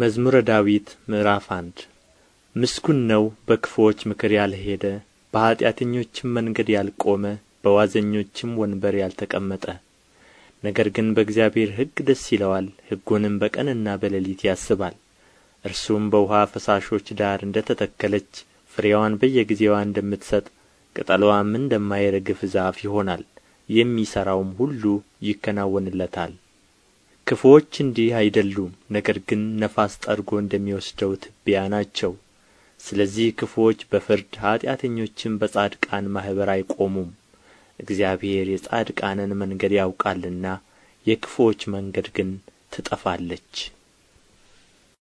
መዝሙረ ዳዊት ምዕራፍ አንድ ምስጉን ነው በክፉዎች ምክር ያልሄደ በኃጢአተኞችም መንገድ ያልቆመ በዋዘኞችም ወንበር ያልተቀመጠ ነገር ግን በእግዚአብሔር ሕግ ደስ ይለዋል ሕጉንም በቀንና በሌሊት ያስባል እርሱም በውኃ ፈሳሾች ዳር እንደ ተተከለች ፍሬዋን በየጊዜዋ እንደምትሰጥ ቅጠሏም እንደማይረግፍ ዛፍ ይሆናል የሚሠራውም ሁሉ ይከናወንለታል ክፉዎች እንዲህ አይደሉም ነገር ግን ነፋስ ጠርጎ እንደሚወስደው ትቢያ ናቸው ስለዚህ ክፉዎች በፍርድ ኀጢአተኞችም በጻድቃን ማኅበር አይቆሙም እግዚአብሔር የጻድቃንን መንገድ ያውቃልና የክፉዎች መንገድ ግን ትጠፋለች